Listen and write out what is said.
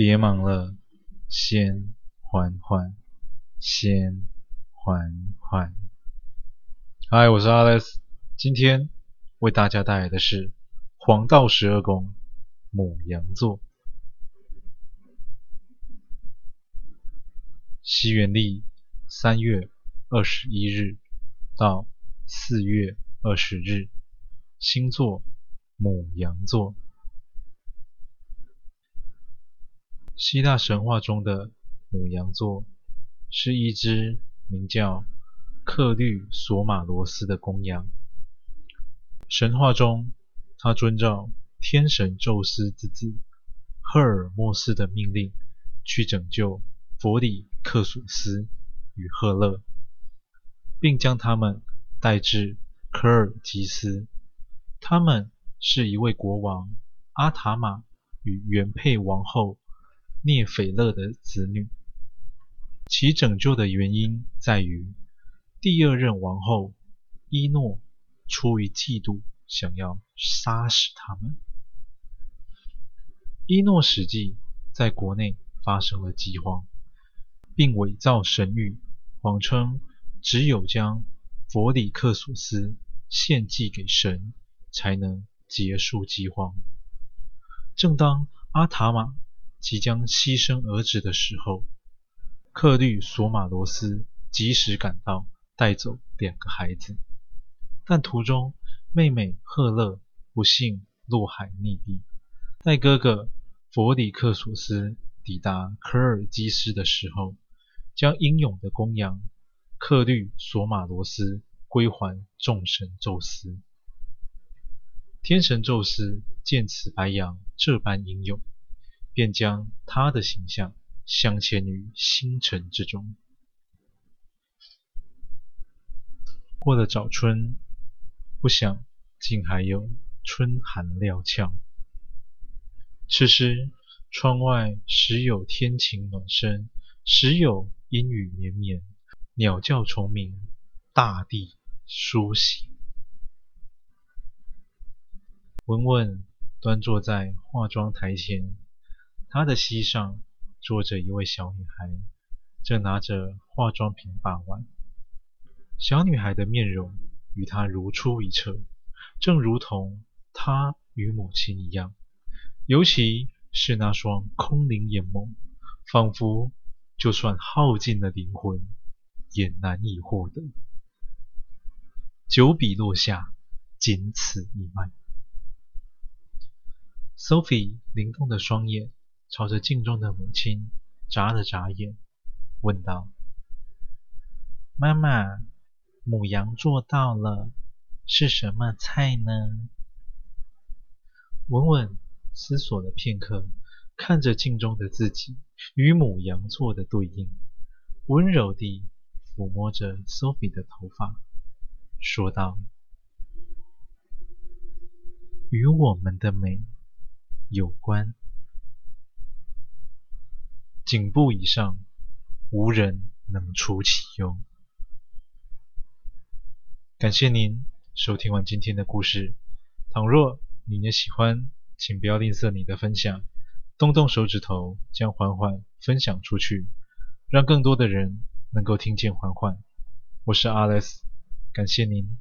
別忙了，先緩緩，先緩緩。嗨，我是 Alex，今天為大家帶來的是黃道十二宮牡羊座，西元曆三月二十一日到四月二十日，星座牡羊座。希臘神話中的牡羊座是一隻名叫克律索馬羅斯的公羊。神話中，他遵照天神宙斯之子赫爾墨斯的命令，去拯救佛里克索斯與赫勒，並將他們帶至科爾基斯。他們是一位國王阿塔瑪與原配王後。涅斐勒的子女，其拯救的原因在於第二任王后伊諾出於嫉妒，想要殺死他們。伊諾使計在國內發生了飢荒，並偽造神諭，謊稱只有將佛里克索斯獻祭給神，才能結束飢荒。正當阿塔瑪。即將犧牲兒子的時候，克律索馬羅斯及時趕到，帶走兩個孩子。但途中，妹妹赫勒不幸落海溺斃。待哥哥佛里克索斯抵達科爾基斯的時候，將英勇的公羊克律索馬羅斯歸還眾神宙斯。天神宙斯見此白羊這般英勇。便將他的形象鑲嵌於星辰之中。過了早春，不想竟還有春寒料峭。此時窗外時有天晴暖身，時有陰雨綿綿，鳥叫蟲鳴，大地甦醒。文文端坐在化妝檯前。她的膝上坐着一位小女孩，正拿着化妝品把玩。小女孩的面容與她如出一轍，正如同她與母親一樣，尤其是那雙空靈眼眸，仿佛就算耗盡了靈魂，也難以獲得。九筆落下，僅此一脈。Sophie 靈動的雙眼。朝着鏡中的母親眨了眨眼，問道：“媽媽，牡羊座到了，是什麼菜呢？”文文思索了片刻，看着鏡中的自己與牡羊座的對應，溫柔地撫摸着 Sophie 的頭髮，說道：“與我們的美有關。”頸部以上，無人能出其右。感謝您收聽完今天的故事。倘若你也喜歡，請不要吝嗇你的分享，動動手指頭，將緩緩分享出去，讓更多的人能夠聽見緩緩。我是阿萊斯，感謝您。